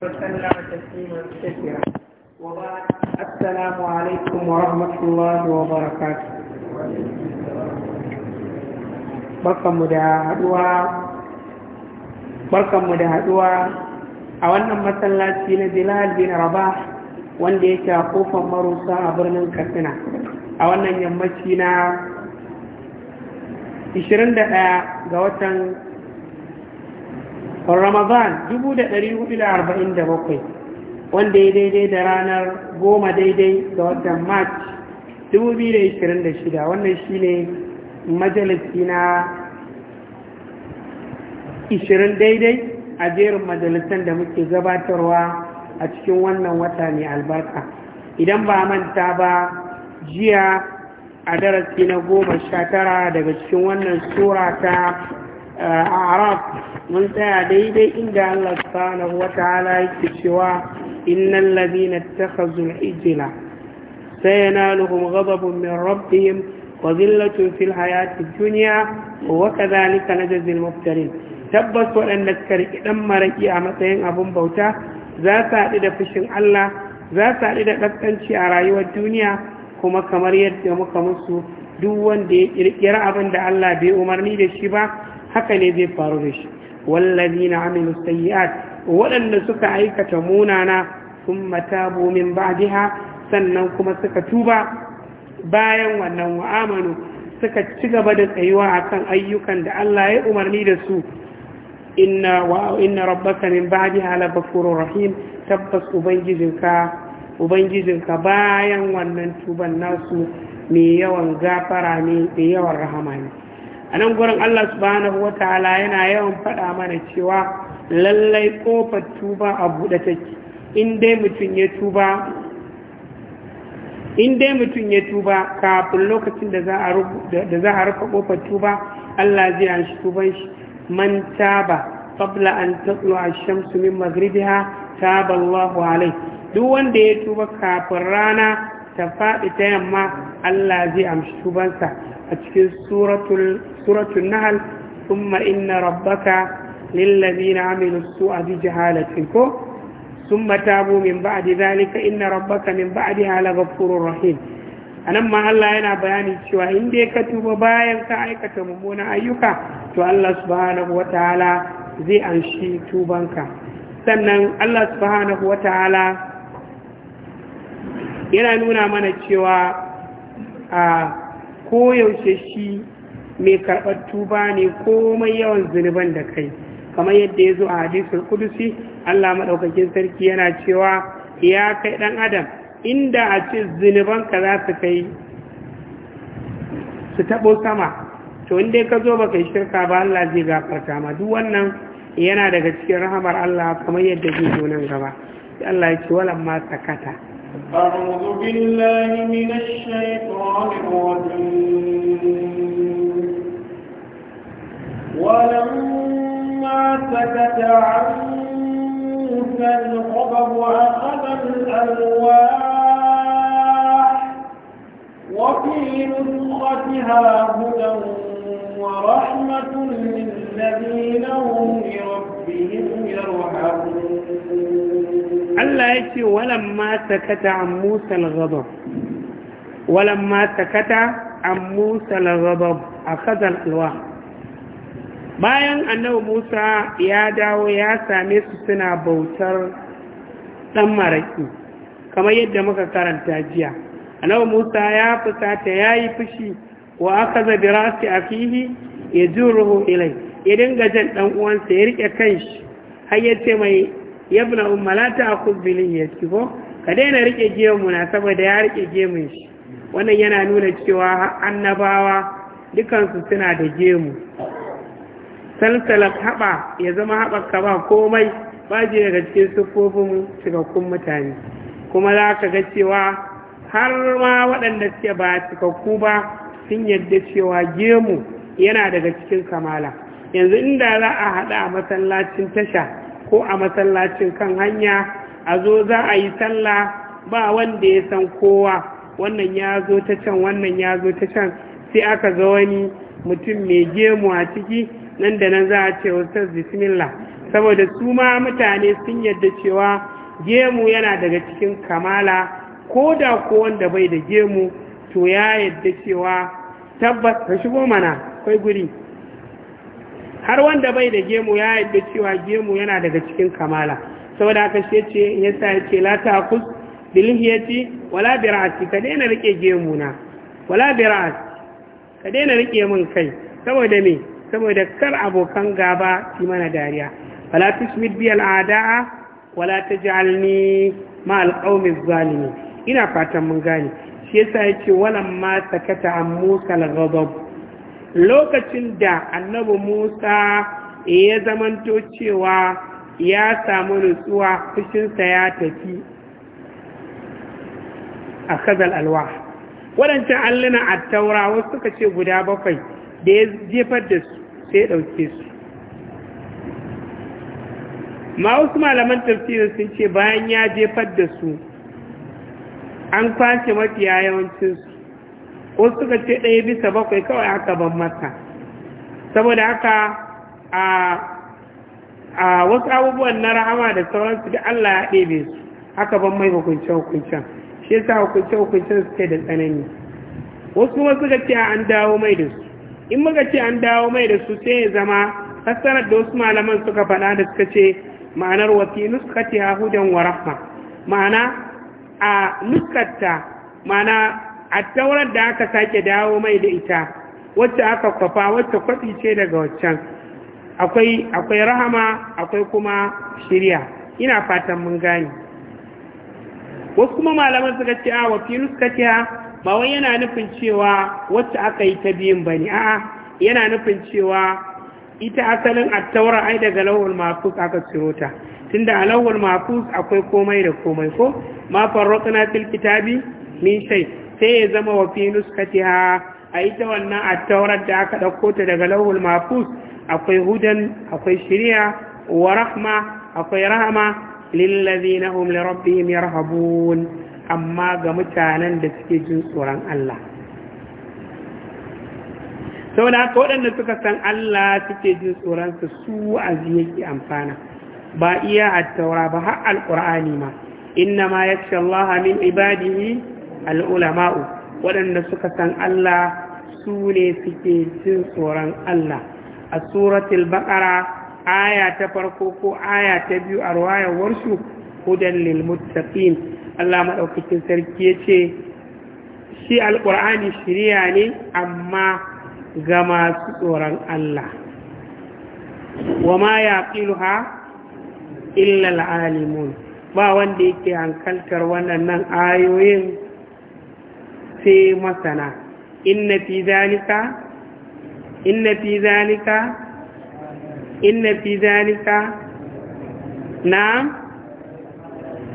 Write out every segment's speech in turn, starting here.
وسلم تسليما كثيرا وبعد السلام عليكم ورحمة الله وبركاته barkanmu da haduwa a wannan masallaci na bilal bin rabah wanda yake a kofar marusa a birnin katsina a wannan yammaci na 21 ga watan ramadan 1447 wanda ya daidai da ranar goma daidai ga watan march 2026 wannan shine majalisi na 20 daidai a jerin majalisan da muke gabatarwa a cikin wannan wata mai albarka idan ba manta ba jiya a darasi na goma sha tara daga cikin wannan tsorata ta eh, arab mun tsaya daidai inda Allah subhanahu wa ta'ala yake cewa innal ladina ittakhadhu al-ijla sayanaluhum ghadabun min rabbihim wa dhillatun fil hayati dunya wa kadhalika najzil muftarin tabbas waɗanda suka riƙi ɗan maraƙi a matsayin abun bauta za su haɗu da fushin Allah za su haɗu da ƙasƙanci a rayuwar duniya kuma kamar yadda muka musu duk wanda ya ƙirƙira abin da Allah bai umarni da shi ba haka ne zai faru da shi والذين عملوا السيئات waɗanda suka aikata munana sun matabu min sannan kuma suka tuba bayan wannan wa'amanu suka ci gaba da tsayuwa a kan ayyukan da Allah ya umarni da su inna rabbaka min ba'diha rahim tabbas ubangijinka ubangijinka bayan wannan tuban nasu mai yawan gafara ne mai yawan rahama ne a nan gurin Allah subhanahu wataala yana yawan faɗa mana cewa lallai ƙofar tuba a buɗe take in dai mutum ya tuba in dai ya tuba kafin lokacin da za a rufe kofar tuba Allah zai an shi tuban shi man taba qabla an tatlu ash-shamsu min maghribiha taba Allahu alai duk wanda ya tuba kafin rana ta faɗi ta yamma Allah zai amshi tubansa a cikin suratul suratul nahl thumma inna rabbaka lillazina amilu su'a bi jahalatin ko thumma tabu min ba'di dhalika inna rabbaka min ba'diha laghafurur rahim anan ma Allah yana bayani cewa in dai ka tuba bayan ka aikata mummunan ayyuka to Allah subhanahu wataala zai anshi tubanka sannan Allah subhanahu wataala yana nuna mana cewa a koyaushe shi mai karɓar tuba ne komai yawan zunuban da kai kamar yadda ya zo a hadisul kudusi Allah maɗaukakin sarki yana cewa ya kai ɗan adam inda a ce zunubanka za su kai su taɓo sama to inda ka zo ba kai shirka ba Allah zai gafarta ma duk wannan yana daga cikin rahamar Allah kamar yadda zai zo nan gaba Allah ya ce walan ma sakata أعوذ بالله من الشيطان الرجيم ولما سكت عن موسى الغضب أخذ الألواح وفي نسختها هدى ورحمة للذين هم لربهم يرحمون الله يأتي ولما سكت عن موسى الغضب ولما سكت عن موسى الغضب أخذ الألواح bayan annabi musa ya dawo ya same su suna bautar ɗan maraki kamar yadda muka karanta jiya annabi musa ya fusata ya yi fushi wa akaza bi rasi a yajuruhu ilai idan dinga jan ɗan uwansa ya riƙe kanshi har ya ce mai yabna ummalata a kubbilin ya ci ko ka daina rike gemu na saboda ya riƙe gemun shi wannan yana nuna cewa annabawa dukansu suna da gemu salsalar haɓa ya zama haɓarka ba komai ba je daga cikin siffofin cikakkun mutane kuma za ka ga cewa har ma waɗanda suke ba cikakku ba sun yadda cewa gemu yana daga cikin kamala yanzu inda za a haɗa a masallacin tasha ko a masallacin kan hanya a zo za a yi sallah ba wanda ya san kowa wannan ya zo ta can wannan ya zo ta can sai aka ga wani mutum mai gemu a ciki nan da nan za a ce wasu bismillah saboda su ma mutane sun yadda cewa gemu yana daga cikin kamala ko da ko wanda bai da gemu to ya yadda cewa tabbas ka shigo mana kai guri har wanda bai da gemu ya yadda cewa gemu yana daga cikin kamala saboda haka shi ce yasa yace la taqus bil hiyati wala bi ra'si ka daina rike gemu na wala bi ra'si ka daina rike min kai saboda me saboda kar abokan gaba yi mana dariya wala tusmit bi al'ada'a wala taj'alni ma alqawmi zalimi ina fatan mun gane shi yasa yace walam ma sakata an Musa al lokacin da annabi Musa ya zamanto cewa ya samu nutsuwa fushinsa ya tafi a kazal alwa waɗancan alluna a taura wasu suka ce guda bakwai da ya jefar da su sai ɗauke su ma wasu malaman tafsirin sun ce bayan ya jefar da su an kwace mafiya yawancinsu ko suka ce ɗaya bisa bakwai kawai aka ban mata saboda haka a wasu abubuwan na rahama da sauransu da Allah ya ɗebe su aka ban mai hukunce-hukuncen shi yasa hukunce-hukuncen suke da tsanani wasu kuma suka ce an dawo mai da su in muka ce an dawo mai da su sai ya zama fassarar da wasu malaman suka faɗa da suka ce ma'anar wasi nuskati a hudan wa rahma ma'ana a nuskatta ma'ana a taurar da aka sake dawo mai da ita wacce aka kwafa wacce kwafi ce daga waccan akwai akwai rahama akwai kuma shirya ina fatan mun gane wasu kuma malaman suka ce a wafi nuskati ba wai yana nufin cewa wacce aka yi ta biyun ba ne a'a yana nufin cewa ita asalin attaura ai daga lawul mafus aka ciro ta tunda a lawul mafus akwai komai da komai ko ma farraqna fil kitabi min shay sai ya zama wa fi nuskatiha a ita wannan attaurar da aka ɗauko ta daga lawul mafus akwai hudan akwai shiriya wa rahma akwai rahama lil ladina hum li rabbihim yarhabun amma ga mutanen da suke jin tsoron Allah sau da haka waɗanda suka san Allah suke jin tsoronsa su wa'azi yake amfana ba iya attaura ba har alƙur'ani ma inna ma ya ce Allah hamin ibadihi al'ulama'u waɗanda suka san Allah su ne suke jin tsoron Allah a suratul baƙara aya ta farko ko aya ta biyu a ruwayar warshu hudan lil muttaqin Allah maɗaukakin sarki ya ce shi alƙur'ani shirya ne amma ga masu tsoron Allah wa ma ya ƙiluha illal alimun ba wanda yake hankaltar waɗannan ayoyin sai masana inna fi zalika inna fi zalika inna fi zalika na'am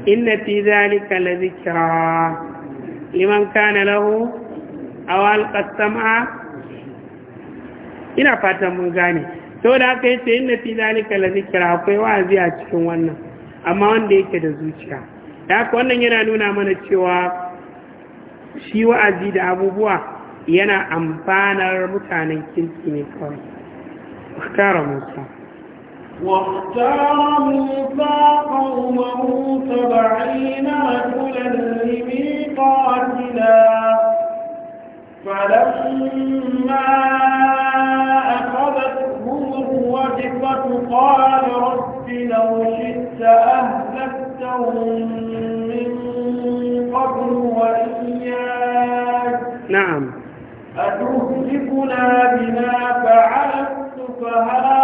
inna fi zalika la zikra liman kana lahu awal qasama ina fatan mun gane to da aka yace inna fi zalika la zikra akwai wa'azi a cikin wannan amma wanda yake da zuciya da haka wannan yana nuna mana cewa shi wa'azi da abubuwa yana amfanar mutanen kirki ne kawai. Mukhtar Musa. واختار موسى قومه سبعين رجلا لميقاتنا فلما أخذتهم الرجفة قال رب لو شئت أهلكتهم من قبل وإياك نعم أتهلكنا بما فعلت سفهاء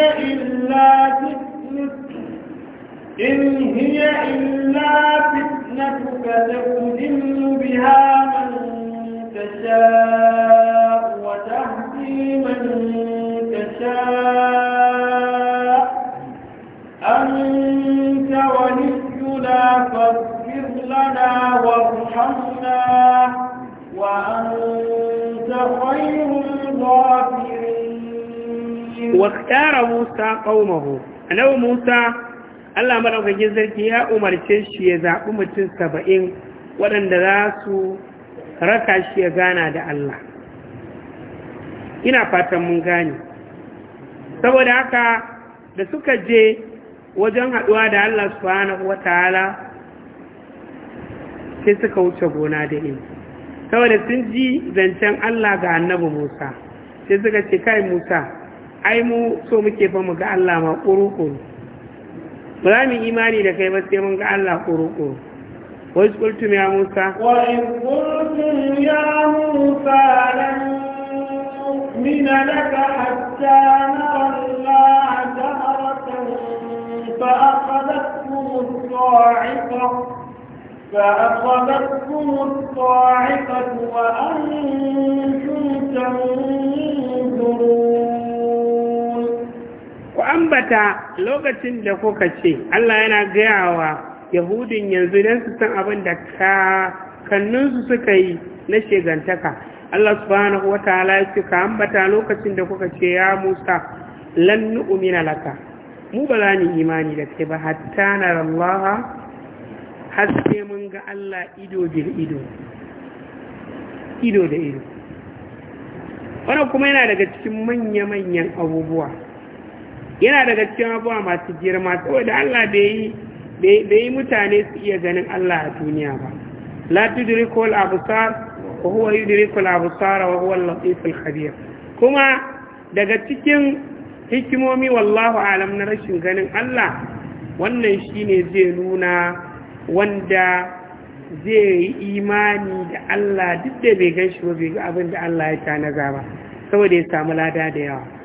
إلا إن هي إلا فتنتك تؤذن بها من تشاء وتهدي من تشاء أنت ولينا فاغفر لنا وارحمنا وأنت خير الغافرين waktara musa ƙaumahu annabi musa allah maɗaukakin zarki ya umarce shi ya zaɓi mutum saba'in waɗanda za su raka shi ya gana da allah ina fatan mun gane saboda haka da suka je wajen haɗuwa da allah subhanahu wataala sai suka wuce gona da ilmi saboda sun ji zancen allah ga annabi musa sai suka ce kai musa ai mu so muke fa mu ga Allah ma kurukuru ba za mu imani da kai ba sai mun ga Allah kurukuru wa iz qultum ya Musa wa in qultum ya Musa lan nu'mina laka hatta nara Allah jahratan fa akhadhatkum as فأخذتكم الصاعقة وأنتم تنظرون ku ambata lokacin da kuka ce Allah yana gayawa yahudin yanzu dan su san abin da kannunsu suka yi na shegantaka Allah subhanahu wataala ya ce ka ambata lokacin da kuka ce ya Musa lan nu'mina laka mu ba za ni imani da kai ba hatta nara Allah har sai mun ga Allah ido bil ido ido da ido wannan kuma yana daga cikin manya-manyan abubuwa yana daga cikin abuwa masu girma saboda Allah bai yi mutane su iya ganin Allah a duniya ba la tudriku al-absar wa huwa yudriku a absar wa huwa kuma daga cikin hikimomi wallahu alam na rashin ganin Allah wannan shi ne zai nuna wanda zai yi imani da Allah duk da bai gan shi ba bai ga abin da Allah ya tanaza ba saboda ya samu lada da yawa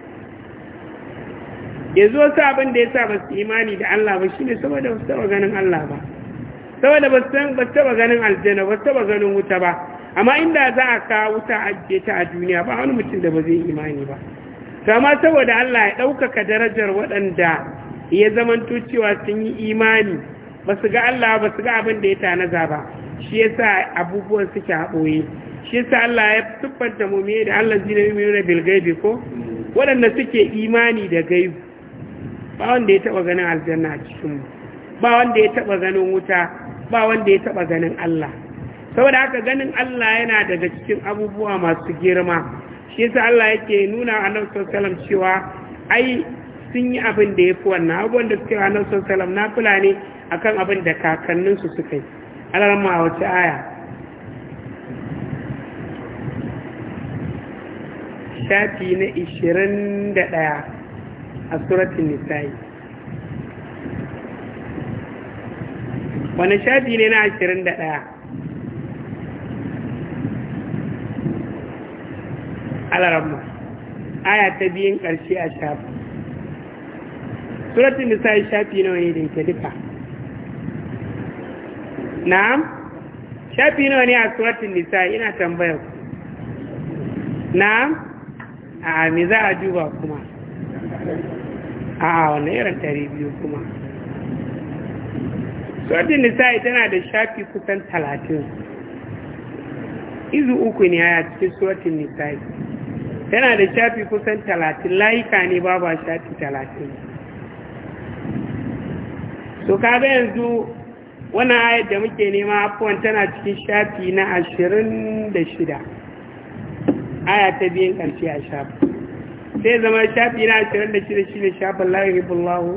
yanzu wasu abin da ya sa ba su imani da Allah ba shine saboda ba su taba ganin Allah ba saboda ba su taba ganin aljanna ba su taba ganin wuta ba amma inda za a kawo wuta a ajiye ta a duniya ba wani mutum da ba zai imani ba kama saboda Allah ya ɗaukaka darajar waɗanda ya zaman cewa sun yi imani ba su ga Allah ba su ga abin da ya tanaza ba shi ya sa abubuwan suke haɓoye shi ya sa Allah ya siffanta mu da Allah zina yi bil gaibi ko waɗanda suke imani da gaibi ba wanda ya taba ganin aljanna a cikinmu ba wanda ya taba ganin wuta ba wanda ya taba ganin Allah saboda haka ganin Allah yana daga cikin abubuwa masu girma shi yasa Allah yake nuna a sallallahu alaihi cewa ai sun yi abin da yafi wannan abubuwan da suke annabi sallallahu alaihi wasallam na kula ne akan abin da kakannin su suka yi alarma a wata aya shafi na ɗaya. a suratun nisa'i wani shafi ne na ashirin da ɗaya alarama aya ta biyun ƙarshe a shafi suratun nisa'i shafi nawa ne da duka na'am shafi nawa ne a suratun nisa'i ina tambayar ku na'am a me za a duba kuma a wanda irin ɗari biyu kuma suratun nisa'i tana da shafi kusan talatin izu uku ne a cikin suratun nisa'i tana da shafi kusan talatin layuka ne babu shafi talatin so kaga yanzu wannan ayat da muke nema afuwan tana cikin shafi na ashirin da shida aya ta biyan ƙarshe a shafi sai zama shafi na ashirin da shi da shi ne shafin layi ribullahu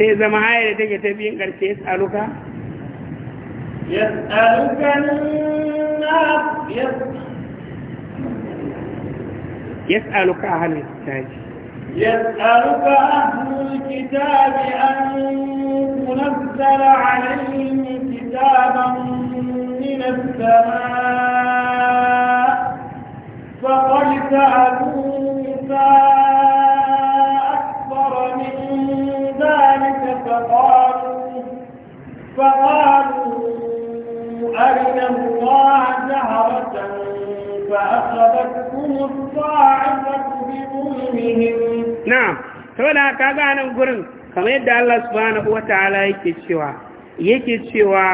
sai zama haya da take ta biyun ƙarshe ya tsaruka ya tsaruka na ya tsaruka a hannun kitabi ya tsaruka a hannun kitabi an tunassara alayhim kitaban min as-samaa فقد سألوا أكبر من ذلك فقالوا فقالوا أرنا الله جهرة فأخذتكم الصاعقة بظلمهم نعم ka ga gurin kamar yadda Allah subhanahu ta'ala yake cewa yake cewa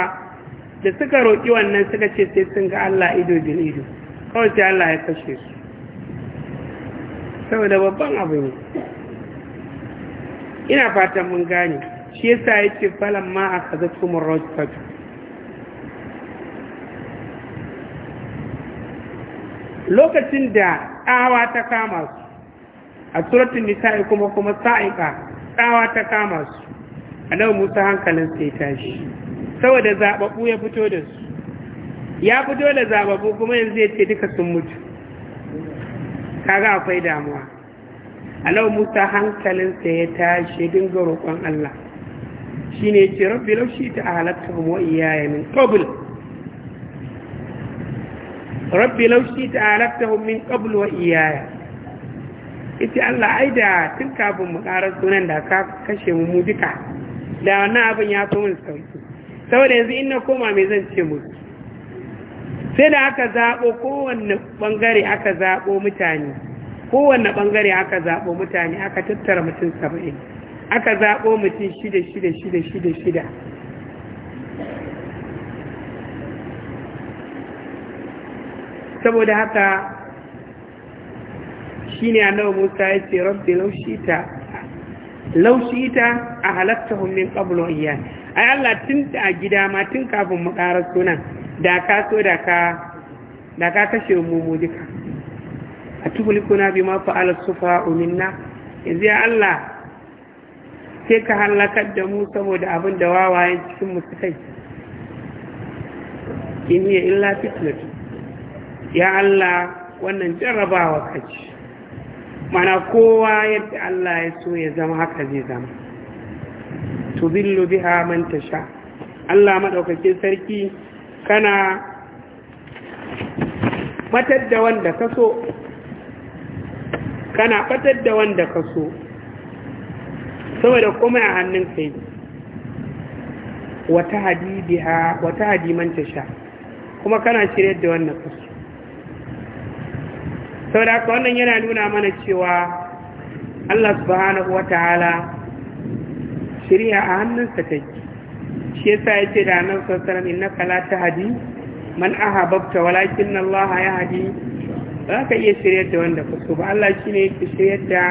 da suka roƙi wannan suka ce sai sun ga Allah ido bil ido kawai Allah ya kashe su saboda babban abu ne ina fatan mun gane shi yasa yake falon ma a kaza tumur rajfat lokacin da tsawa ta kama su a suratun nisa'i kuma kuma sa'iqa tsawa ta kama su a nan Musa hankalin sai tashi saboda zaɓaɓɓu ya fito da su ya fito dole zababu kuma yanzu ya ce duka sun mutu kaga akwai damuwa alau musa hankalinsa ya tashi dinga roƙon allah shi ne ce rabbi laushi ta halatta wa iyaye min qabl rabbi laushi ta halatta min qabl wa iyaye ita allah ai da tun kafin mu ƙara sunan da ka kashe mu duka da wannan abin ya fi mun sauki saboda yanzu in na koma mai zan ce musu sai da aka zaɓo kowanne ɓangare aka zaɓo mutane kowanne ɓangare aka zaɓo mutane aka tattara mutum saba'in aka zaɓo mutum shida shida shida shida shida saboda haka shi ne nawa musa ya ce rabbi laushita laushita a halatta min ƙabulon iya ai Allah tun a gida ma tun kafin mu ƙara sunan da ka so da ka da ka kashe mu duka a tuhulikuna bi ma fa'ala sufa minna yanzu ya Allah sai ka halakar da mu saboda abin da wawayen cikin mu suka in ya illa fitnatu ya Allah wannan jarrabawa kaci mana kowa yadda Allah ya so ya zama haka zai zama tubillu biha man tasha Allah madaukakin sarki kana batar da wanda ka so kana batar da wanda ka so saboda kuma a hannun kai wata hadidiha wata hadimanta sha kuma kana shirya da wannan kasu saboda haka wannan yana nuna mana cewa Allah subhanahu wataala shirya a hannunsa take shi yasa yace da nan sallallahu alaihi wasallam innaka la tahdi man ahabbta walakin Allah yahdi ba ka iya shirye da wanda ka so ba Allah shine yake shirye da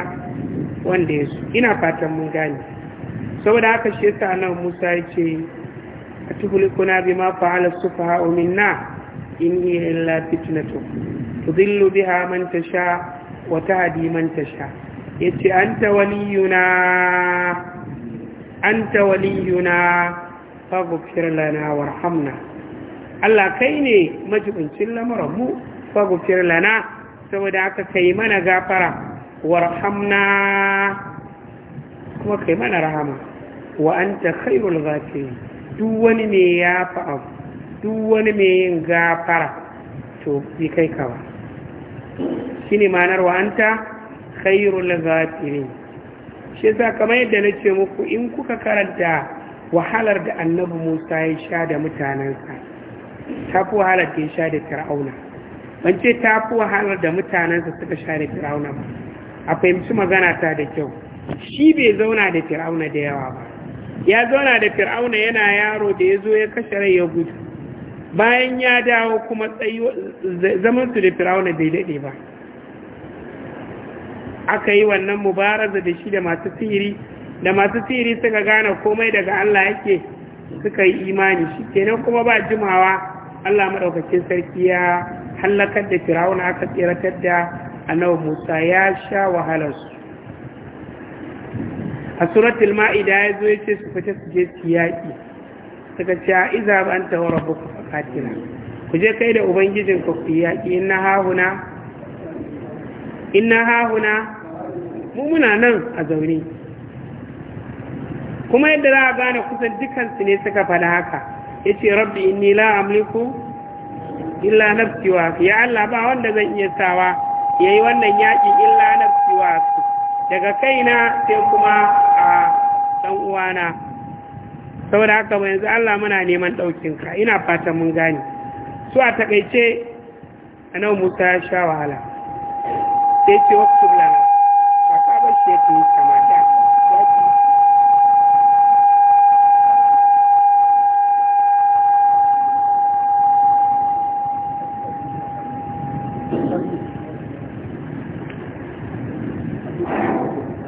wanda ya so ina fatan mun gane saboda haka shi yasa nan Musa yace atuhlikuna bima fa'ala sufaha minna in hiya illa fitnatu tudillu biha man tasha wa tahdi man tasha yace anta waliyuna anta waliyuna faghfir lana warhamna Allah kai ne majibincin lamarin mu faghfir lana saboda aka kai mana gafara warhamna kuma kai mana rahama wa anta khairul ghafirin duk wani me ya abu duk wani me yin gafara to bi kai ka ba shine ma'anar wa anta khairul ghafirin shi yasa kamar yadda na ce muku in kuka karanta wahalar da annabi musa ya sha da mutanensa ta fi wahalar da ya sha da fir'auna ban ce ta fi wahalar da mutanensa suka sha da fir'auna ba a fahimci magana ta da kyau shi bai zauna da fir'auna da yawa ba ya zauna da fir'auna yana yaro da ya zo ya kashe rai ya gudu bayan ya dawo kuma zaman su da fir'auna bai daɗe ba aka yi wannan mubaraza da shi da masu sihiri da masu tsiri suka gane komai daga Allah yake suka yi imani shi kenan kuma ba jimawa Allah maɗaukacin sarki ya hallakar da firawuna aka tseratar da annabi Musa ya sha wahalar su. a suratul ma'ida ya zo ya su fita su je su suka ce iza ba an tawara ba ku ku je kai da ubangijin ku ku inna hahuna inna hahuna mu muna nan a zaune kuma yadda za a gane kusan dukansu ne suka faɗa haka ya ce rabbi inni la amliku illa nafsiwa wa ya Allah ba wanda zan iya sawa ya yi wannan yaƙi illa nafsiwa wa daga kaina sai kuma a ɗan uwana saboda haka ba yanzu Allah muna neman ɗaukinka ina fata mun gane su a taƙaice a nan musa ya sha wahala sai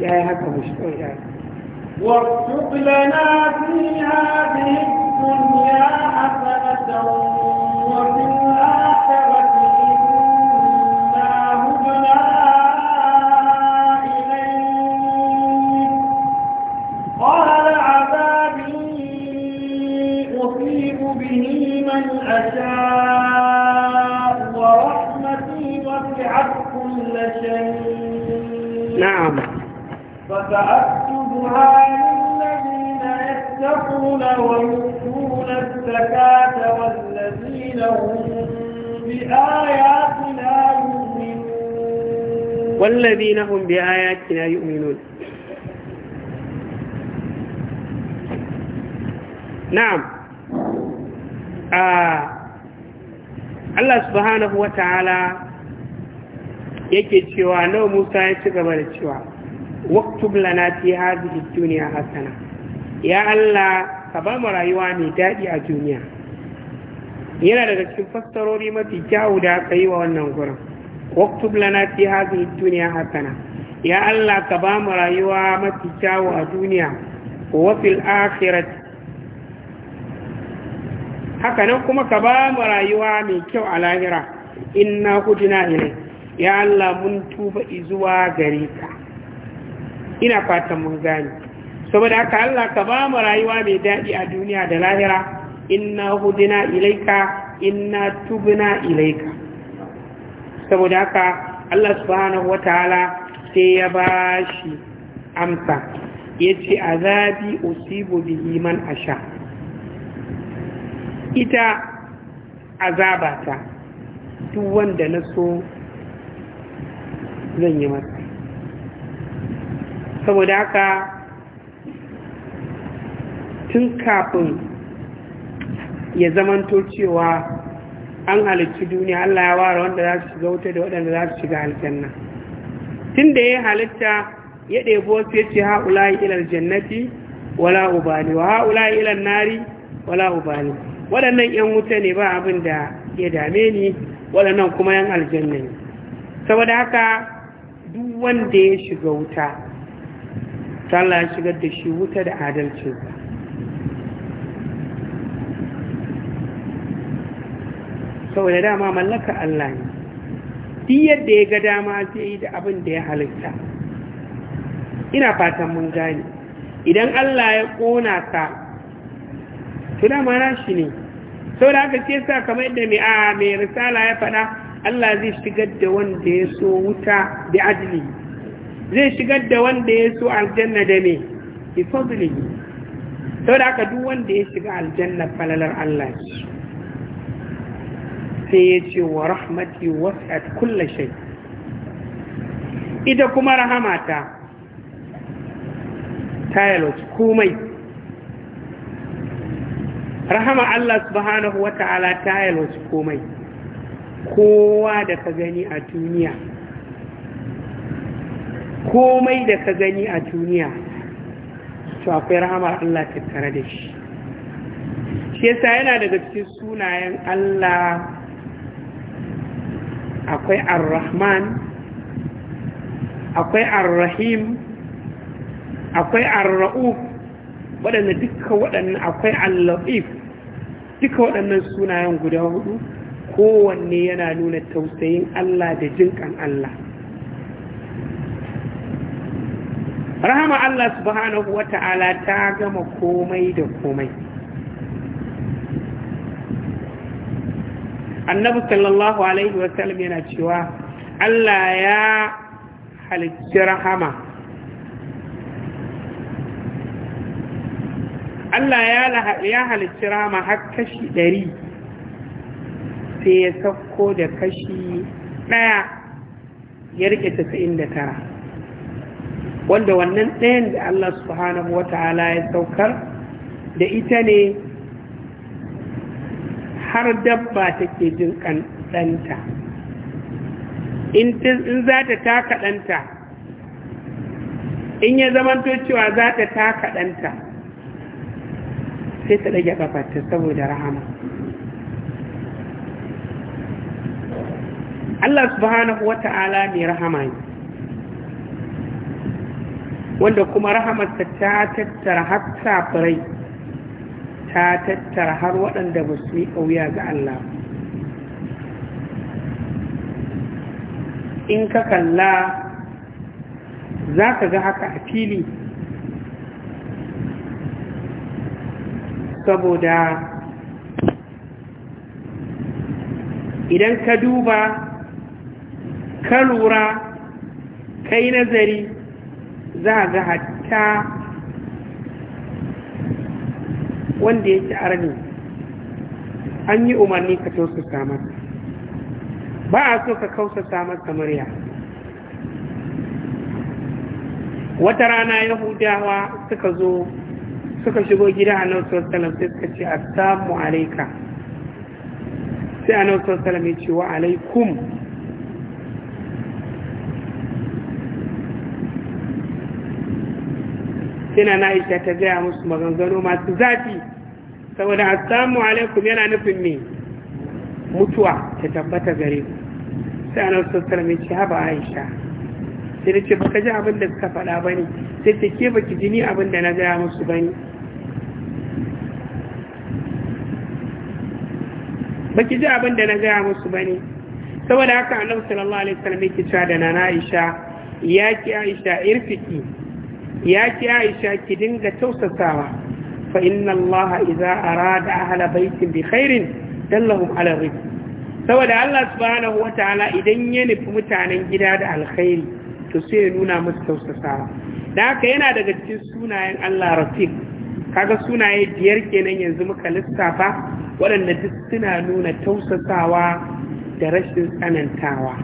ya yi haka mashi kawai ya yi da wasu lana فأكتبها للذين يتقون ويؤتون الزكاة والذين هم بآياتنا يؤمنون والذين هم بآياتنا يؤمنون na'am Allah subhanahu wa ta'ala yake cewa nawa Musa ya ci gaba da cewa waktub lana fi hadhihi dunya hasana ya Allah ka ba mu rayuwa mai daɗi a duniya yana daga cikin fassarori mafi kyau da aka yi wa wannan gurin waktub lana fi hadhihi dunya hasana ya Allah ka ba mu rayuwa mafi kyau a duniya wa fil akhirati haka nan kuma ka ba mu rayuwa mai kyau a lahira inna hudina ilai ya Allah mun tuba izuwa gare ka ina fatan mun gane saboda haka Allah ka ba mu rayuwa mai dadi a duniya da lahira inna hudina ilaika inna tubna ilaika saboda haka Allah subhanahu wataala sai ya ba shi amsa yace azabi usibu bihi man asha ita azabata duk wanda na so zan yi masa saboda haka tun kafin ya zamanto cewa an halicci duniya Allah ya ware wanda za su shiga wuta da waɗanda za su shiga aljanna tun da ya halitta ya ɗebo su ya ce ha'ula ilar jannati wala ubali wa ha'ula ilar nari wala ubali waɗannan 'yan wuta ne ba abin da ya dame ni waɗannan kuma 'yan aljanna ne saboda haka duk wanda ya shiga wuta ta Allah ya shigar da shi wuta da adalcin saboda dama mallaka Allah ne diyar yadda ya ga dama zai yi da abin da ya halitta ina fatan mun gane idan Allah ya ƙona ka to dama na shi ne da haka ce sa kamar yadda mai a mai risala ya faɗa Allah zai shigar da wanda ya so wuta da adalci zai shigar da wanda ya so aljanna da me bi fadlihi sau da aka duk wanda ya shiga aljanna falalar Allah sai ya ce wa rahmati wasat kulla shay ita kuma rahamata tayalot komai rahama Allah subhanahu wa ta'ala tayalot komai kowa da ka gani a duniya komai da ka gani a duniya to akwai rahamar Allah tattare da shi shi yasa yana daga cikin sunayen Allah akwai ar-rahman akwai ar-rahim akwai ar-ra'uf waɗanda duka waɗannan akwai al-latif duka waɗannan sunayen guda hudu kowanne yana nuna tausayin Allah da jinkan Allah rahama Allah subhanahu wa ta'ala ta gama komai da komai annabi sallallahu alaihi wasallam yana cewa Allah ya halicci rahama Allah ya halicci rahama har kashi ɗari sai ya sauko da kashi ɗaya ya rike 99 wanda wannan ɗayan da Allah subhanahu wa ta'ala ya saukar da ita ne har dabba take jin ƙanɗanta in za ta taka ɗanta in ya zamanto cewa za ta taka ɗanta sai ta ɗage ƙafarta saboda rahama Allah subhanahu wa ta'ala mai rahama ne wanda kuma rahamarsa ta tattara har safirai ta tattara har waɗanda ba su yi ƙauya ga Allah in ka kalla za ka ga haka a fili saboda idan ka duba ka lura ka yi nazari za a ga hatta wanda ya ci arni an yi umarni ka tausasa masa ba a so ka kausasa masa murya wata rana yahudawa suka zo suka shigo gida a nan sosalam sai suka ce a samu alaika sai a nan sosalam ya ce wa alaikum Yana na aisha ta gaya musu maganganu masu zafi saboda assalamu alaikum yana nufin me mutuwa ta tabbata gare ku sai ana sosar mai ce haba aisha sai da ce baka ji abin da suka faɗa ba ne sai ce ke baki jini abin da na gaya musu ba ne baki ji abin da na gaya musu ba ne saboda haka annabi sallallahu alaihi wasallam yake cewa da nana aisha ya ki aisha irfiki ya ki aisha ki dinga tausasawa fa inna allaha idza arada ahla baitin bi khairin dallahum ala rizq saboda Allah subhanahu wataala idan ya nufi mutanen gida da alkhairi to sai ya nuna musu tausasawa da haka yana daga cikin sunayen Allah rafiq kaga sunaye biyar kenan yanzu muka lissafa waɗanda duk suna nuna tausasawa da rashin tsanantawa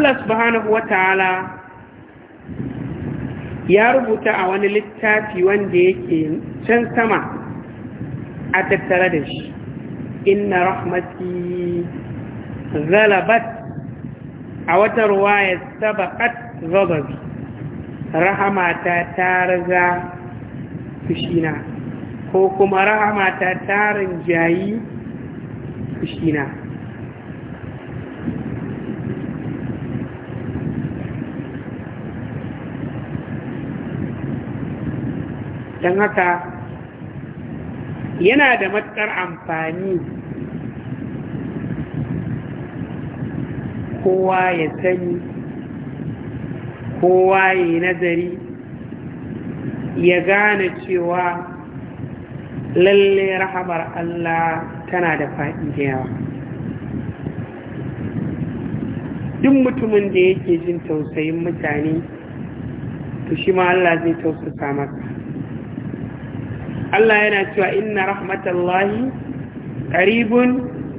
Allah subhanahu Ta'ala ya rubuta a wani littafi wanda yake can sama a tattare da shi inna rahmati zalabat a wata ruwaya sabakat zababi rahamata ta raza fushina ko kuma rahamata ta rinjayi fushina don haka yana da matsar amfani kowa ya sani kowa ya nazari ya gane cewa lalle rahamar Allah tana da faɗi da yawa duk mutumin da yake jin tausayin mutane to shi ma Allah zai tausasa masa. Allah yana cewa inna rahmatallahi ƙaribin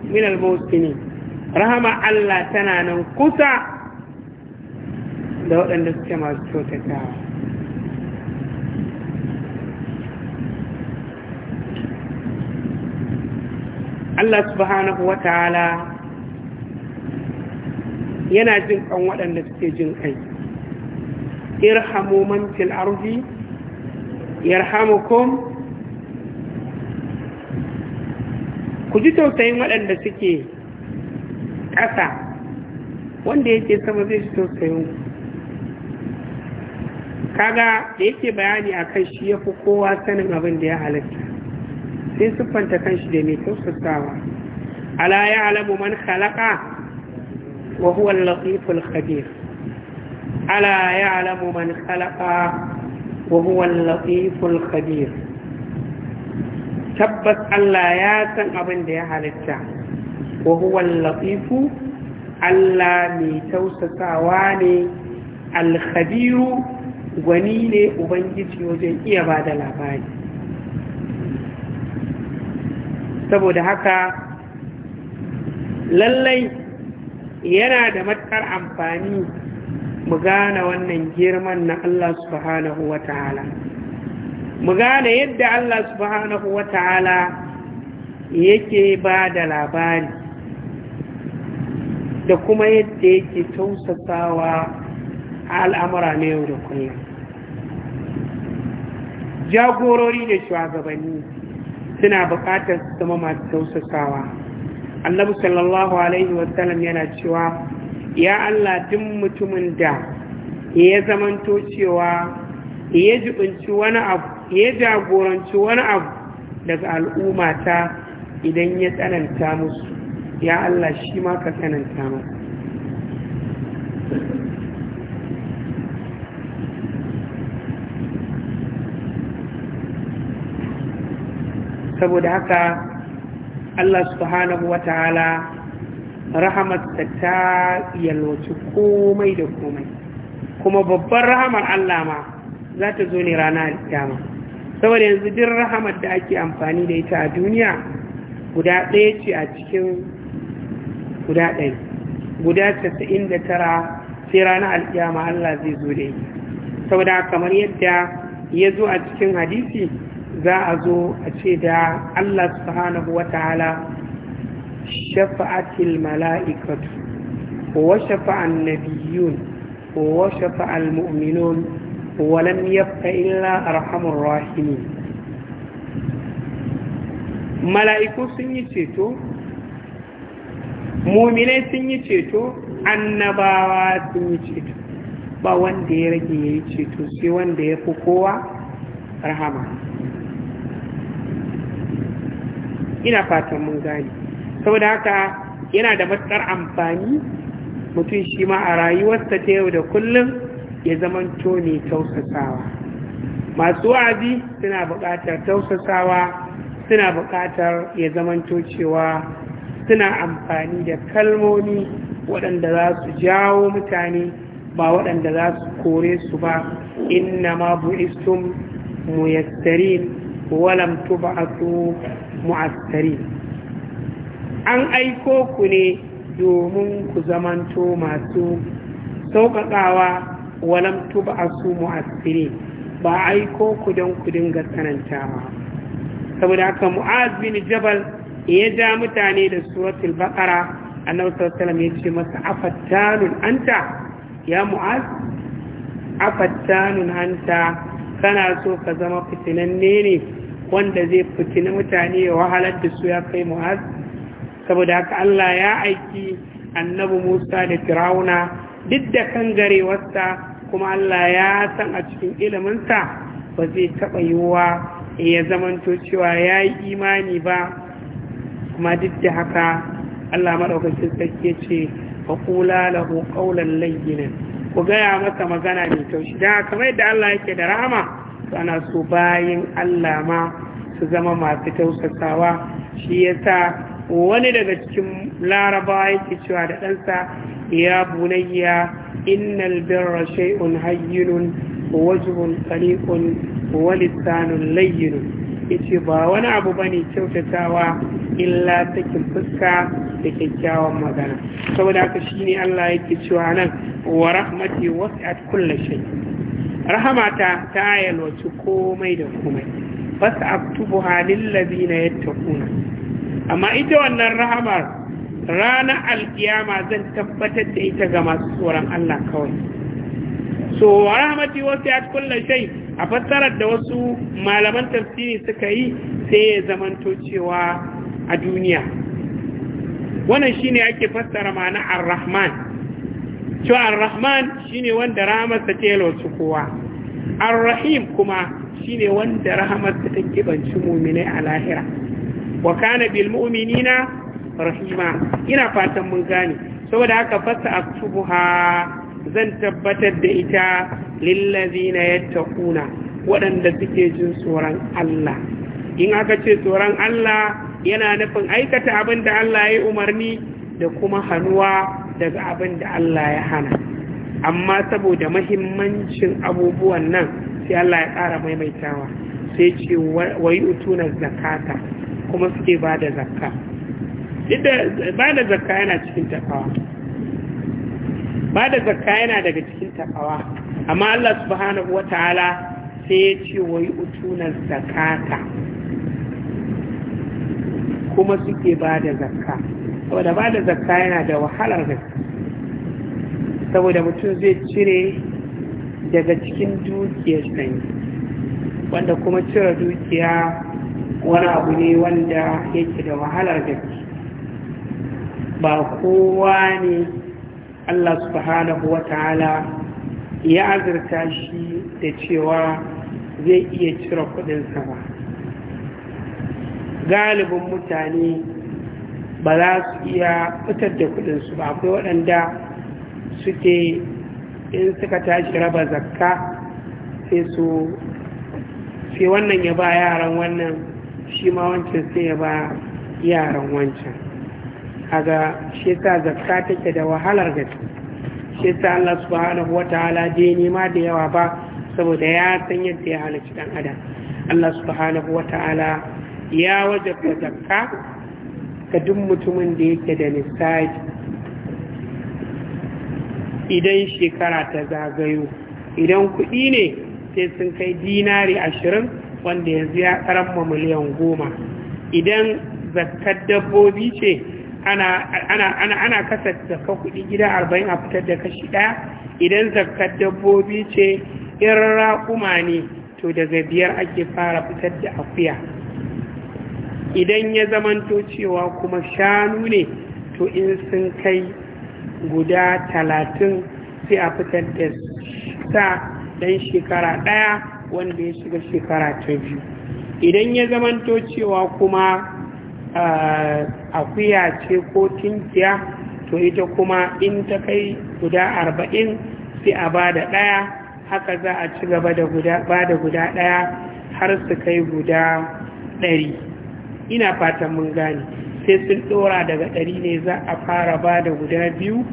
min al-muhsinin rahama Allah tana nan kusa da waɗanda suke masu kyautatawa Allah subhanahu wa ta'ala yana jin kan waɗanda suke jin kai irhamu man fil ardi yarhamukum ku ji tausayin waɗanda suke ƙasa wanda yake sama zai ji tausayin kaga da yake bayani a kan shi ya fi kowa sanin abin da ya halitta sai siffanta kan shi da mai tausasawa ala ya halabu man halaka wa huwa al-latiful khabir ala ya halabu man halaka wa huwa al-latiful khabir tabbas Allah ya san abin da ya halitta wa huwa latifu Allah mai tausasawa ne alkhabiru gwani ne ubangiji wajen iya ba da labari saboda haka lallai yana da matar amfani mu gane wannan girman na Allah subhanahu wa ta'ala mu gane yadda Allah subhanahu wa ta'ala yake ba da labari da kuma yadda yake tausasawa a al'amura na yau da kullum jagorori da shugabanni suna bukatar su zama masu tausasawa annabi sallallahu alaihi wasallam yana cewa ya Allah duk mutumin da ya zamanto cewa ya jibinci wani abu ya jagoranci wani abu daga al'umma ta idan ya tsananta musu ya Allah shi ma ka tsananta masa saboda haka Allah subhanahu wa ta'ala rahamarsa ta yalwaci komai da komai kuma babbar rahamar Allah ma za ta zo ne rana da alkiyama saboda yanzu duk rahamar da ake amfani da ita a duniya guda ɗaya ce a cikin guda ɗaya guda casa'in da tara sai ranar alƙiyama Allah zai zo da yi saboda kamar yadda ya zo a cikin hadisi za a zo a ce da Allah subhanahu wa ta'ala shafa'atil mala'ikatu wa shafa'an nabiyyun wa shafa'al mu'minun ولم يبق إلا أرحم الراحمين mala'iku sun yi ceto sun yi ceto annabawa sun yi ceto ba wanda ya rage ya yi ceto sai wanda ya fi kowa rahama ina fatan mun gani saboda haka yana da matsar amfani mutum shi ma a rayuwarsa ta yau da kullum ya zamanto ne tausasawa masu wa'azi suna buƙatar tausasawa suna buƙatar ya zamanto cewa suna amfani da kalmomi waɗanda za su jawo mutane ba waɗanda za su kore su ba inna ma bu'istum muyassarin walam tub'atu mu'assarin an aiko ku ne domin ku zamanto masu sauƙaƙawa walam tub'asu mu'assirin ba aiko ku don ku dinga tsanantawa saboda haka mu'az bin jabal ya ja mutane da suratul baqara annabi sallallahu alaihi ya ce masa afattanun anta ya mu'az afattanun anta kana so ka zama fitinanne ne wanda zai fitina mutane ya wahalar da su ya kai mu'az saboda haka Allah ya aiki annabi Musa da Firauna duk da kan kangarewarsa kuma Allah ya san a cikin iliminsa ba zai taɓa yiwuwa ya zamanto cewa ya yi imani ba kuma duk da haka Allah maɗaukacin sarki ce fa kula lahu qawlan layyinan ku gaya masa magana mai taushi da kamar yadda Allah yake da rahama to ana so bayin Allah ma su zama masu tausasawa shi yasa wani daga cikin larabawa yake cewa da ɗansa ya bunayya innal birra shay'un hayyinun wajhun qaliqun wa lisanun layyinun yace ba wani abu bane kyautatawa illa sakin fuska da kyakkyawan magana saboda haka shine Allah yake cewa nan wa rahmati wasi'at kulli shay rahamata ta yalwaci komai da komai fasaktubuha lil ladina yattaquna amma ita wannan rahamar ranar alkiyama zan tabbatar da ita ga masu tsoron Allah kawai so wa rahmati wasu ya kulla shai a fassarar da wasu malaman tafsiri suka yi sai ya zamanto cewa a duniya wannan shine ake fassara ma'ana ar-rahman cewa ar-rahman shine wanda rahamarsa ta yalwaci kowa ar-rahim kuma shine wanda rahamarsa ta kibanci muminai a lahira wa kana bil mu'minina rahima ina fatan mun gane saboda haka fasa aktubuha zan tabbatar da ita yadda yattaquna waɗanda suke jin tsoron Allah in aka ce tsoron Allah yana nufin aikata abin da Allah ya umarni da kuma hannuwa daga abin da Allah ya hana amma saboda mahimmancin abubuwan nan sai Allah ya ƙara maimaitawa sai ce wayi utuna zakata kuma suke ba da zakka inda ba da zakka yana cikin takawa ba da zakka yana daga cikin takawa amma Allah subhanahu wataala sai ya ce wai utuna zakata kuma suke ba da zakka saboda ba da zakka yana da wahalar da saboda mutum zai cire daga cikin dukiyar nan wanda kuma cire dukiya wani abu ne wanda yake da wahalar gaske ba kowa ne Allah subhanahu wa ta'ala ya azurta shi da cewa zai iya cire kudinsa ba galibin mutane ba za su iya fitar da kudinsu ba akwai waɗanda suke in suka tashi raba zakka sai su sai wannan ya ba yaran wannan shi ma wancan sai ya ba yaran wancan Aga shi sa zakka take da wahalar gaske shi sa Allah subhanahu wataala ni nema da yawa ba saboda ya san yadda ya halarci dan adam Allah subhanahu wataala ya wajabta zakka ga duk mutumin da yake da nisaji idan shekara ta zagayo idan kuɗi ne sai sun kai dinari ashirin wanda yanzu ya karamma miliyan goma idan zakkar dabbobi ce ana kasar zakar kuɗi gida arba'in a fitar da kashi ɗaya idan zakar dabbobi ce irin raƙuma ne to daga biyar ake fara fitar da akuya idan ya zamanto cewa kuma shanu ne to in sun kai guda talatin sai a fitar da sa dan shekara ɗaya wanda ya shiga shekara ta biyu idan ya zamanto cewa kuma Eh, akuya ce ko tinkiya to ita kuma in ta kai guda arba'in sai a ba da ɗaya haka za a ci gaba da ba da guda ɗaya har su kai guda ɗari ina fatan mun gane sai sun ɗora daga ɗari ne za a fara ba da guda biyu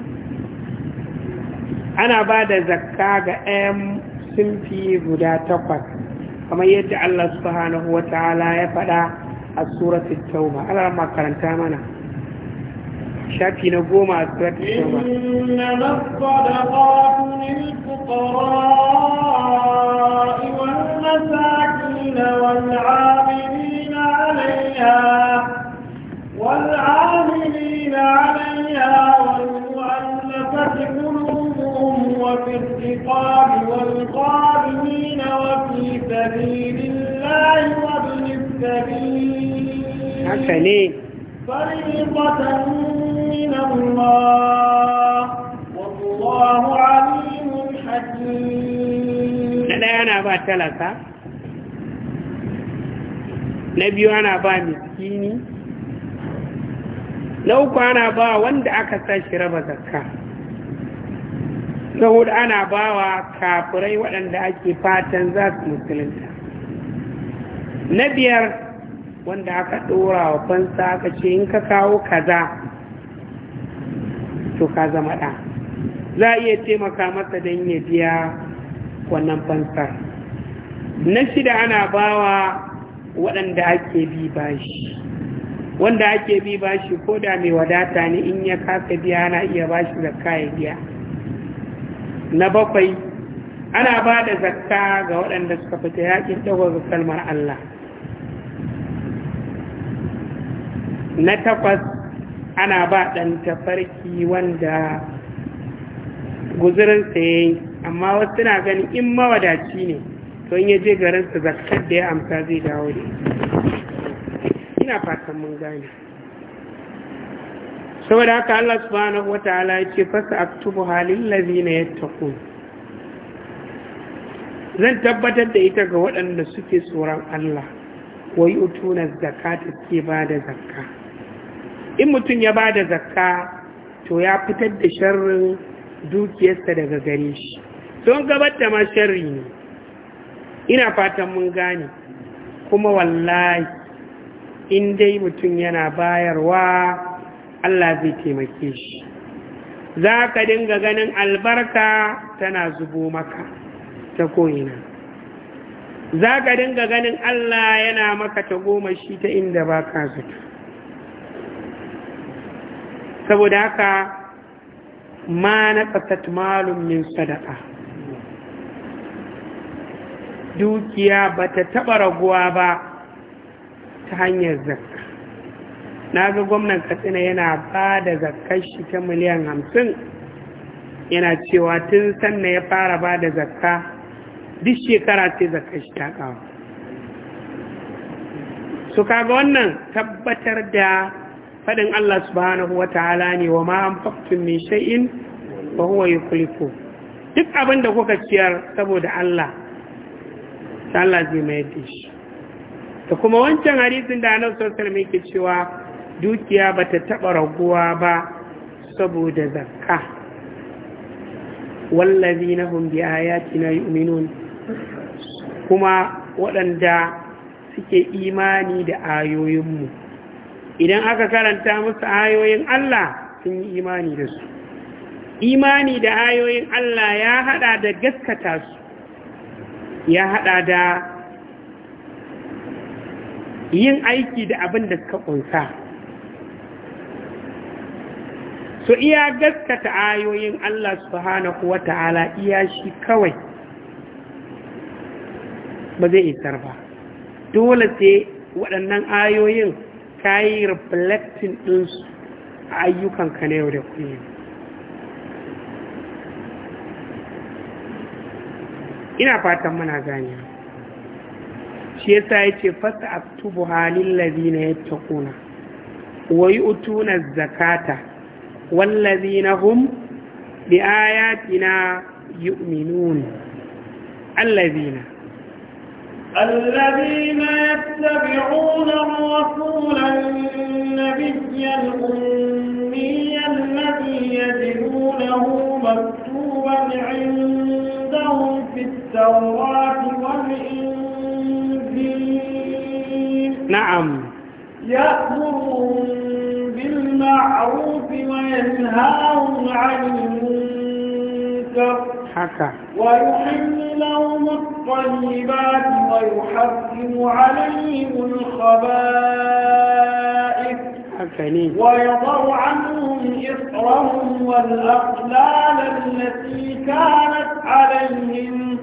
ana ba da zakka ga ɗayan sunfi guda takwas kamar yadda Allah subhanahu wa ta'ala ya faɗa السورة التوبة ألا ما كانت آمنا شاكي نقوم على سورة التومة إنما الصدقات للفقراء والمساكين والعاملين عليها والعاملين عليها والمؤلفة قلوبهم وفي الرقاب والقادمين وفي سبيل الله وابن السبيل فريضة من الله والله عليم حكيم لا na biyu ana ba ana wanda aka sashi raba zakka na ana ba wa kafirai waɗanda ake fatan za su musulunta na biyar wanda aka ɗora wa fansa aka ce in ka kawo kaza to ka zama ɗa za a iya taimaka masa don ya biya wannan fansar na shida ana bawa waɗanda ake bi bashi wanda ake bi bashi ko da mai wadata ne in ya kasa biya ana iya bashi zakka ya biya na bakwai ana ba da zakka ga waɗanda suka fita yaƙin ɗaukar kalmar Allah na takwas ana ba ɗan tafarki wanda guzurin ya yi amma wasu na ganin in mawadaci ne to in ya je garinsa zakar da ya amsa zai dawo da ina fatan mun gane saboda haka Allah subhanahu wata'ala ya ce fasa aktubu halin na ya taku zan tabbatar da ita ga waɗanda suke tsoron Allah wai utunan zakata ke ba da zakka in mutum ya ba da zakka to ya fitar da sharrin dukiyarsa daga gare shi don gabar da ma sharri ne ina fatan mun gane kuma wallahi in dai mutum yana bayarwa Allah zai taimake shi za ka dinga ganin albarka tana zubo maka ta ko'ina za ka dinga ganin Allah yana maka ta goma shi ta inda ba ka zuta saboda haka ma na tsattat malum min sadaka dukiya ba ta taɓa raguwa ba ta hanyar zakka na ga gwamnan katsina yana ba da zakkar shi ta miliyan hamsin yana cewa tun sannan ya fara ba da zakka duk shekara sai zakkar shi ta kawo su kaga wannan tabbatar da fadin Allah subhanahu wa ta'ala ne wa ma anfaqtum min shay'in wa huwa yukhlifu duk abin da kuka ciyar saboda Allah Allah zai mai da shi da kuma wancan hadisin da Annabi sallallahu alaihi wasallam cewa dukiya bata taɓa raguwa ba saboda zakka wallazina hum bi ayatina yu'minun kuma waɗanda suke imani da ayoyinmu idan aka karanta musu ayoyin Allah sun yi imani da su imani da ayoyin Allah ya hada da gaskata su ya hada da yin aiki da abin da suka kunsa so iya gaskata ayoyin Allah subhanahu wata'ala iya shi kawai ba zai isar ba dole sai waɗannan ayoyin ka yi reflecting ɗinsu a ayyukanka na yau da kullum ina fatan mana gani shi yasa ya ce fasa aktubu halin lazina ya taƙuna wa yi utuna zakata na hum bi ayatina yu'minun allazina الذين يتبعون الرسول النبي الأمي الذي يجدونه مكتوبا عندهم في التوراة والإنجيل نعم يأمرهم بالمعروف وينهاهم عن المنكر حكى ويحل لهم الطيبات ويحرم عليهم الخبائث ويضع عنهم إصرهم والأقلال التي كانت عليهم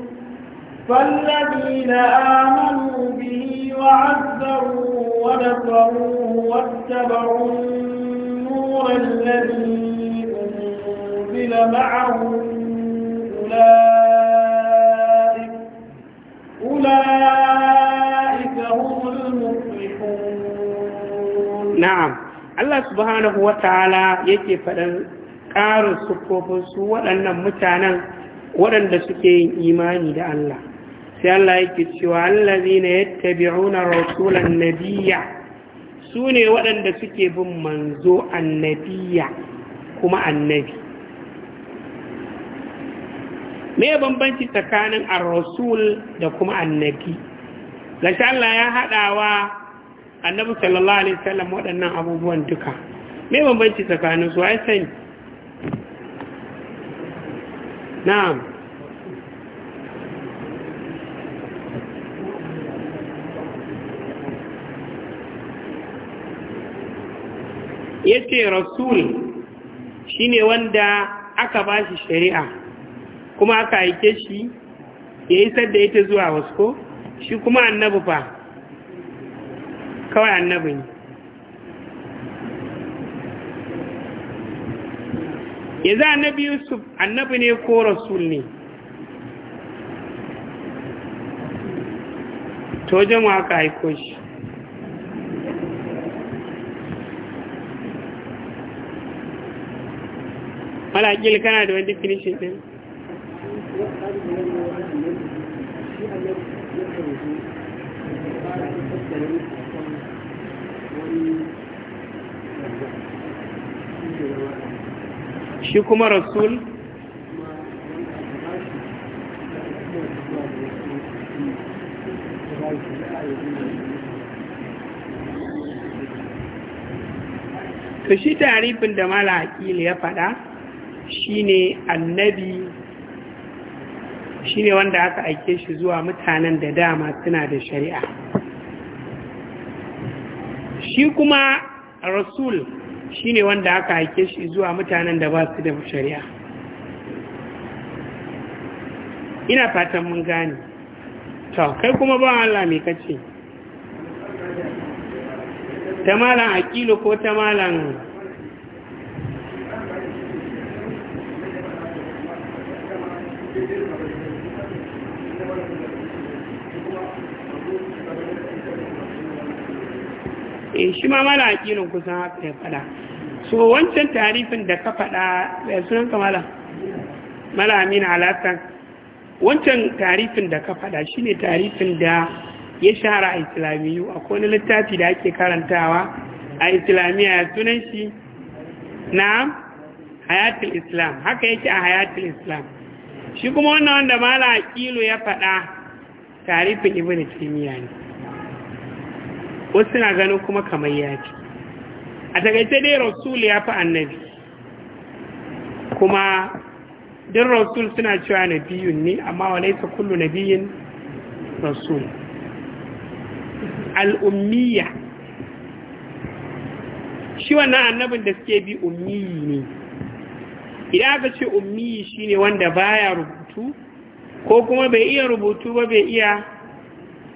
فالذين آمنوا به وعذروا ونفروا واتبعوا النور الذي أنزل معه na'am allah subhanahu المفلحون نعم yake faɗan ƙarin su waɗannan mutanen waɗanda suke yin imani da Allah sai Allah yake cewa allazina rasulun rasulan su ne waɗanda suke bin manzo annabiya kuma annabi me bambanci tsakanin ar-rasul da kuma annabi gashi Allah ya hadawa annabi sallallahu alaihi wasallam waɗannan abubuwan duka me bambanci tsakanin su ai sai na'am yace rasul shine wanda aka bashi shari'a kuma aka aike shi ya yi sadda ita zuwa wasko shi kuma Annabu fa kawai Annabu ne ya za annabi yusuf Annabu ne ko rasul ne to jama aka aiko shi malakil kana da wani definition din shi kuma rasul to shi tarifin da mala akili ya faɗa shine annabi shine wanda aka aike shi zuwa mutanen da dama suna da shari'a shi kuma rasul shi ne wanda aka haike shi zuwa mutanen da ba su da shari'a ina fatan mun gane ta kai kuma ba Allah mai kace ta malan aqilu ko ta malan eh shi ma mala aqilun kusan haka ya fada so wancan tarifin da ka fada ya sunan ka mara mara amina alatan wancan tarifin da ka fada shine tarifin da ya shahara a islamiyu a kone littafi da ake karantawa a islamiyya ya sunan shi na hayatul islam haka yake a hayatul islam shi kuma wannan wanda mala aƙilu ya fada tarifin ibn taymiya ne wasu suna ganin kuma kamar ya fi a takaice dai rasul ya fi annabi kuma din rasul suna cewa biyun ne amma wa laisa kullu biyun rasul al'ummiya shi wannan annabin da suke bi ummiyi ne idan aka ce ummiyi shi ne wanda baya rubutu ko kuma bai iya rubutu ba bai iya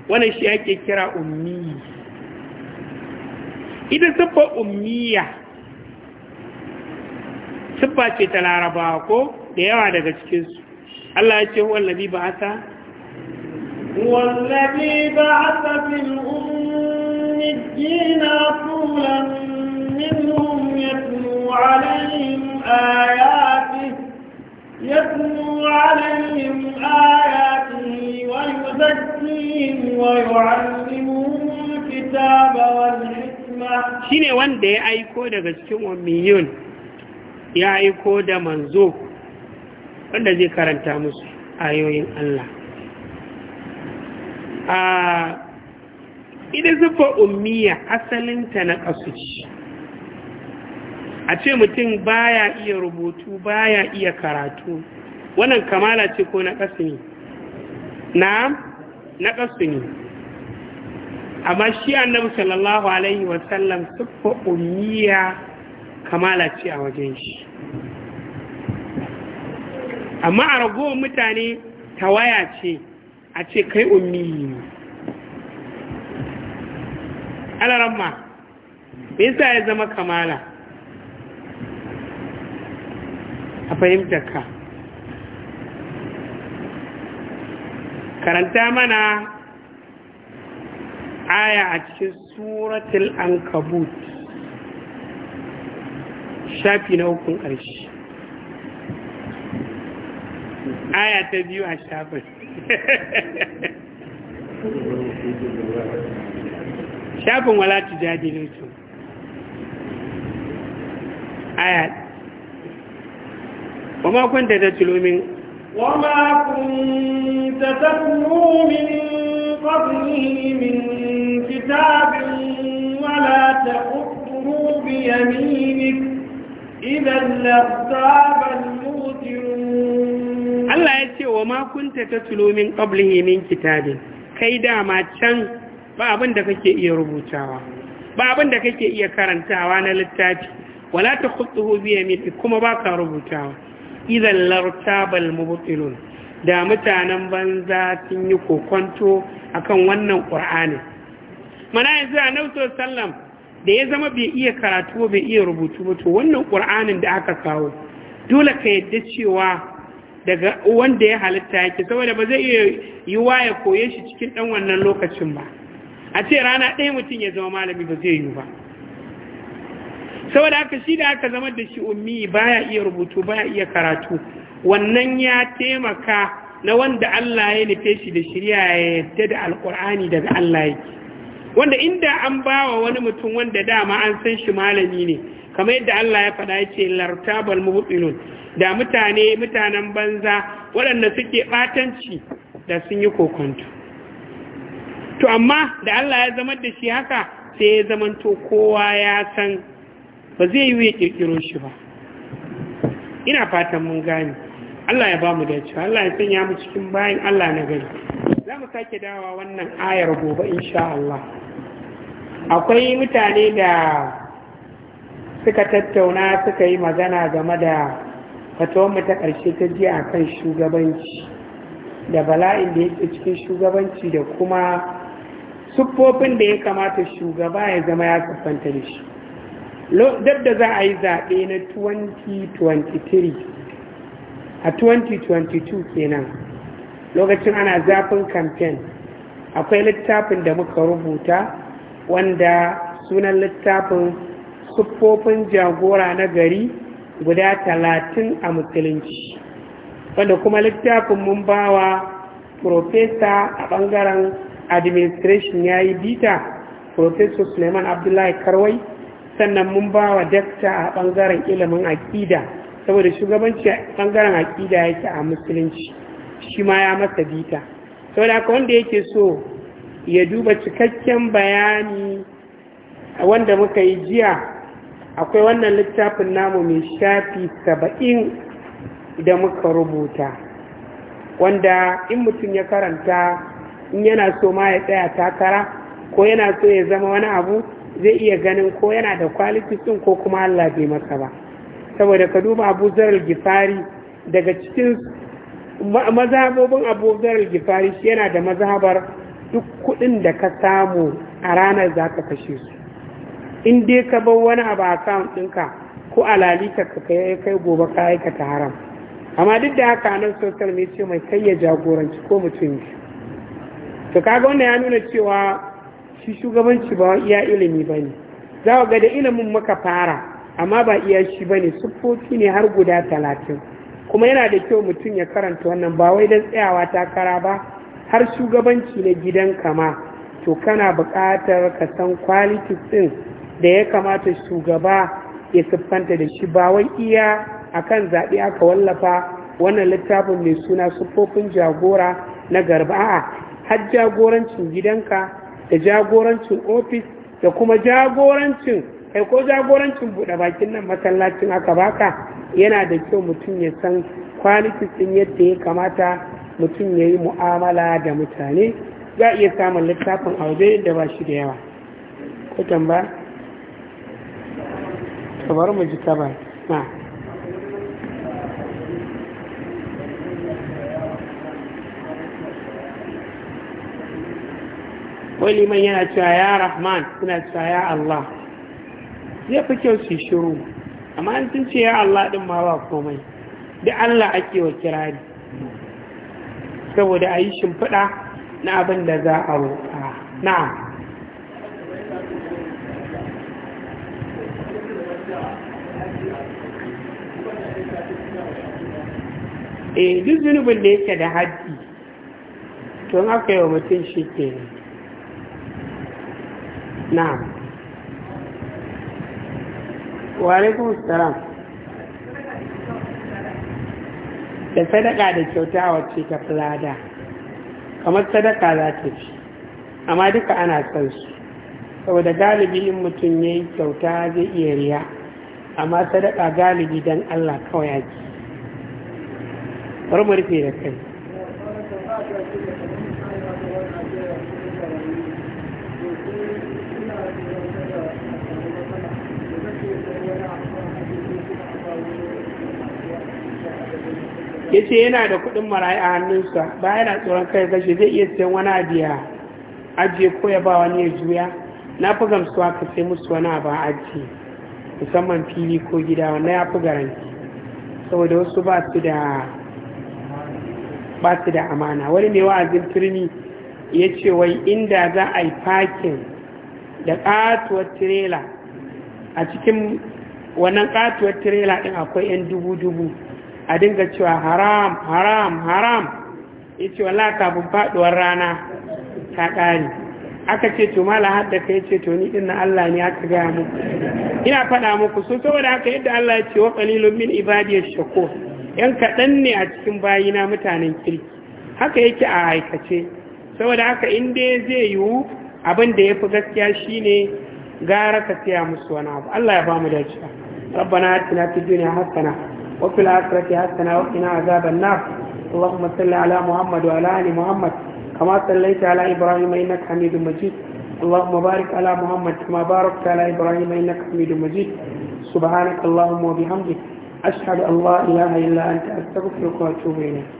wannan shi ake kira ummiyi ita siffa ummiya siffa ce ta larabawa ko da yawa daga cikinsu Allah ya ce huwa labi ba ata? huwa labi ba ata fil ummi jina Shi ne wanda ya aiko daga cikin ummiyun ya aiko da manzo wanda zai karanta musu ayoyin Allah a idan zufa ummiya asalinta na ƙasu a ce mutum baya iya rubutu baya iya karatu wannan kamala ce ko na ƙasu ne na na ne amma shi annabi sallallahu alaihi wasallam suka umiya kamala ce a wajen shi amma a ragowar mutane tawaya ce a ce kai ummi ne alaramma me yasa ya zama kamala a fahimtar ka karanta mana aya a cikin suratul ankabut shafi na hukun ƙarshe aya ta biyu a shafin shafin wala tujadilu aya wa ma kunta tatlu min wa ma kunta tatlu min qablihi min يمينك إذا لغتاب المغترون الله يتي وما كنت تتلو من قبله من كتاب كيدا ما تشن ba abin da kake iya rubutawa ba abin da kake iya karantawa na littafi wala ta khutuhu bi yaminik kuma baka rubutawa idan da mutanen banza sun yi kokonto akan wannan qur'ani mana yanzu annabi sallam da ya zama bai iya karatu bai iya rubutu ba to wannan ƙur'anin da aka kawo dole ka yadda cewa daga wanda ya halitta yake saboda ba zai iya wa ya koye shi cikin ɗan wannan lokacin ba a ce rana ɗaya mutum ya zama malami ba zai yiwu ba saboda haka shi da aka zama da shi ummi baya iya rubutu baya iya karatu wannan ya taimaka na wanda Allah ya nufe shi da shirya ya yadda da alkur'ani daga Allah yake wanda inda an bawa wani mutum wanda dama an san shi malami ne kamar yadda Allah ya faɗa yace lartabal muhtilun da mutane mutanen banza waɗanda suke batanci da sun yi kokonto to amma da Allah ya zama da shi haka sai ya zama to kowa ya san ba zai yi ya kirkiro shi ba ina fatan mun gane Allah ya ba mu da cewa Allah ya sanya mu cikin bayan Allah na gari za mu sake dawa wannan ayar gobe insha Allah akwai mutane da suka tattauna suka yi magana game da fatawanmu ta ƙarshe ta jiya a kan shugabanci da bala'in da yake cikin shugabanci da kuma siffofin da ya kamata shugaba ya zama ya siffanta da shi dab da za a yi zaɓe na 2023 a 2022 kenan lokacin ana zafin kamfen akwai littafin da muka rubuta wanda sunan littafin siffofin jagora na gari guda talatin a musulunci wanda kuma littafin mun bawa profesa a bangaren administration ya yi bita profesor suleiman abdullahi karwai sannan mun bawa dakta a bangaren ilimin aƙida saboda shugabanci a bangaren aƙida yake a musulunci shi ma ya masa bita Sau da haka wanda yake so ya duba cikakken bayani wanda muka yi jiya akwai wannan littafin namu mai shafi saba'in da muka rubuta wanda in mutum ya karanta in yana so ma ya tsaya takara ko yana so ya zama wani abu zai iya ganin ko yana da kwalifisun ko kuma Allah bai masa ba saboda ka duba abu zarar gifari daga cikin mazhabobin abubuwar gifari shi yana da mazhabar duk kudin da ka samu a ranar za ka kashe su in dai ka bar wani abu a samun ɗinka ko alali ka kai gobe ka aikata haram amma duk da haka nan sosial mai ce mai kayya jagoranci ko mutum to kaga wannan ya nuna cewa shi shugabanci ba iya ilimi ba ne za ga da ilimin maka fara amma ba iya shi ba ne siffofi ne har guda talatin kuma yana da kyau mutum ya karanta wannan ba wai don tsayawa takara ba har shugabanci na gidan kama to kana buƙatar ka san qualities ɗin da ya kamata shugaba ya siffanta da shi ba wai iya kan zaɓe aka wallafa wannan littafin mai suna siffofin jagora na garba a'a har jagorancin gidanka da jagorancin ofis da kuma jagorancin kai ko jagorancin buɗe bakin nan masallacin aka baka yana da kyau mutum ya san kwalitis ɗin yadda ya kamata mutum ya yi mu'amala da mutane za iya samun littafin aure da ba shi da yawa ko tamba tabar mu ji tabar na wani liman yana cewa ya rahman suna cewa ya allah zai fi kyau su shiru amma an sun ce ya Allah ɗin ma ba komai da Allah ake wa kirari saboda a yi shimfiɗa na abin da za a roƙa na'am e duk zunubin da yake da haddi to aka yi wa mutum shi ke na'am walaikun salam da sadaka da kyauta wacce ta fulada kamar sadaka za ta fi amma duka ana son su saboda galibi in mutum ya yi kyauta zai iya riya amma sadaka galibi don allah kawai ake bari mu rufe da kai ya ce yana da kuɗin marayu a hannunsa ba yana tsoron kai kashe zai iya sayan wani abiya ajiye ko ya ba wani ya juya na fi gamsuwa ka sai musu wani abu a ajiye musamman fili ko gida wanda ya fi garanti saboda wasu ba su da amana wani mai wa'azin turmi ya ce wai inda za a yi fakin da katuwar tirela a cikin wannan katuwar tirela din akwai 'yan dubu-dubu a dinga cewa haram haram haram ya ce wala kafin faduwar rana ta ƙari aka ce to mala hadda ka ya ce to ni inna Allah ne aka gaya muku ina faɗa muku so saboda haka yadda Allah ya ce wa qalilun min ibadiyash shakur yan kaɗan ne a cikin bayina mutanen kirki haka yake a aikace saboda haka in dai zai yiwu abin da ya fi gaskiya shine gara ka siya musu wani abu Allah ya ba mu dace ربنا آتنا في الدنيا حسنة وفي الآخرة حسنة وقنا عذاب النار اللهم صل على محمد وعلى آل محمد كما صليت على إبراهيم إنك حميد مجيد اللهم بارك على محمد كما باركت على إبراهيم إنك حميد مجيد سبحانك اللهم وبحمدك أشهد أن لا إله إلا أنت أستغفرك وأتوب إليك